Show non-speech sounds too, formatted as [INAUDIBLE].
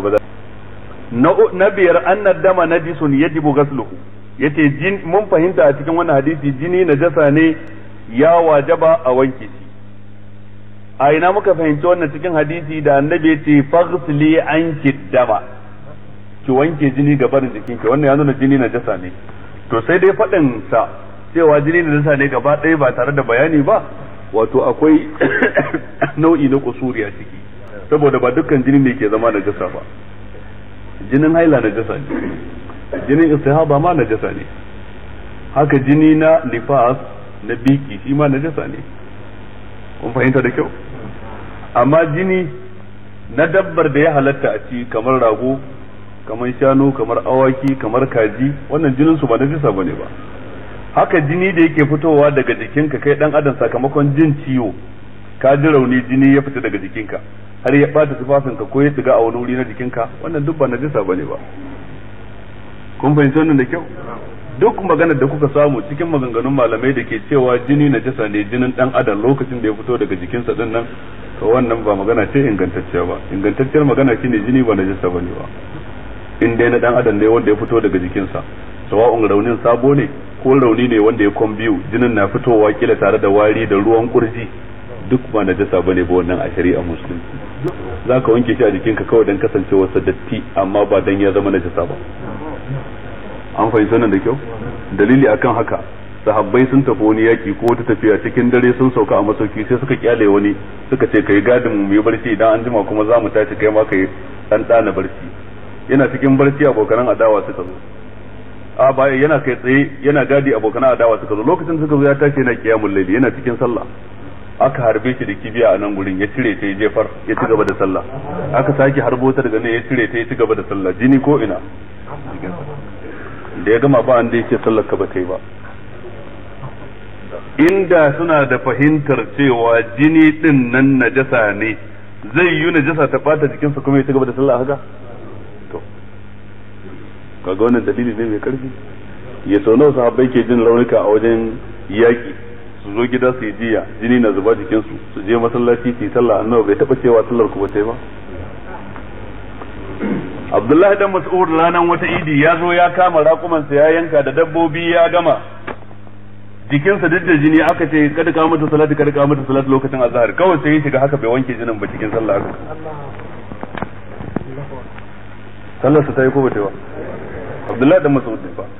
gaba na biyar annar dama na ya yajibu ghasluhu yace ce mun fahimta a cikin wannan hadisi jini na jasa ne ya wajaba a wanke shi a ina muka fahimci wannan cikin hadisi da annabi fagsili an ki dama ki wanke jini ga barin ki wannan ya nuna jini na jasa ne to sai dai faɗin sa cewa jini jasa ne gaba ɗaya ba tare da bayani ba wato akwai [COUGHS] nau'i na kusuri a ciki saboda ba dukkan jini ne ke zama najasa ba jinin haila najasa ne jinin istihaba ma najasa ne haka jini na nifas na biki shi ma najasa ne kun fahimta da kyau amma jini na dabbar da ya halatta a ci kamar rago kamar shanu kamar awaki kamar kaji wannan jinin su ba najasa bane ba haka jini da yake fitowa daga jikinka kai dan adam sakamakon jin ciwo ka ji rauni jini ya fita daga jikinka har ya bata ka ko ya tsiga a wani wuri na jikinka wannan duk ba najasa bane ba kun fahimci wannan da kyau duk maganar da kuka samu cikin maganganun malamai da ke cewa jini jisa ne jinin dan adam lokacin da ya fito daga jikinsa din nan to wannan ba magana ce ingantacciya ba ingantacciyar magana shine jini ba najasa bane ba in dai na dan adam ne wanda ya fito daga jikinsa sawa'un raunin sabo ne ko rauni ne wanda ya kon biyu jinin na fitowa kila tare da wari da ruwan kurji duk ba najasa bane ba wannan a shari'a musulunci za ka wanke shi a jikinka kawai don kasancewarsa datti amma ba don ya zama na jasa ba an fahimci wannan da kyau dalili akan haka sahabbai sun tafi wani yaki ko wata tafiya cikin dare sun sauka a masauki sai suka kyale wani suka ce kai gadin mu yi barci idan an jima kuma za mu tashi kai ma kai dan dana barci yana cikin barci abokanan adawa suka zo a baya yana kai tsaye yana gadi abokan adawa suka zo lokacin suka zo ya tashi yana kiyamul laili yana cikin sallah aka harbe shi da kibiya a nan gurin ya cire ta ya jefar ya ci gaba da sallah aka sake harbo ta daga nan ya cire ta ya ci gaba da sallah jini ko ina da ya gama ba an da yake sallar ka ba ta yi ba inda suna da fahimtar cewa jini din nan najasa ne zai yi najasa ta bata jikinsa kuma ya ci gaba da sallah haka to kaga wannan dalili ne mai karfi ya sau nawa sahabbai ke jin raunuka a wajen yaki su zo gida su yi jiya jini na zuba jikin su su je masallaci su yi sallah annabi bai taba cewa sallar ku ba ta yi ba Abdullahi dan Mas'ud ranan wata idi ya zo ya kama raƙumansa ya yanka da dabbobi ya gama jikinsa duk da jini aka ce kada ka mata salati kada ka mata salati lokacin azhar kawai sai ya shiga haka bai wanke jinin ba cikin sallah haka sallar sa ta yi ko ba ta yi ba Abdullahi dan Mas'ud ne fa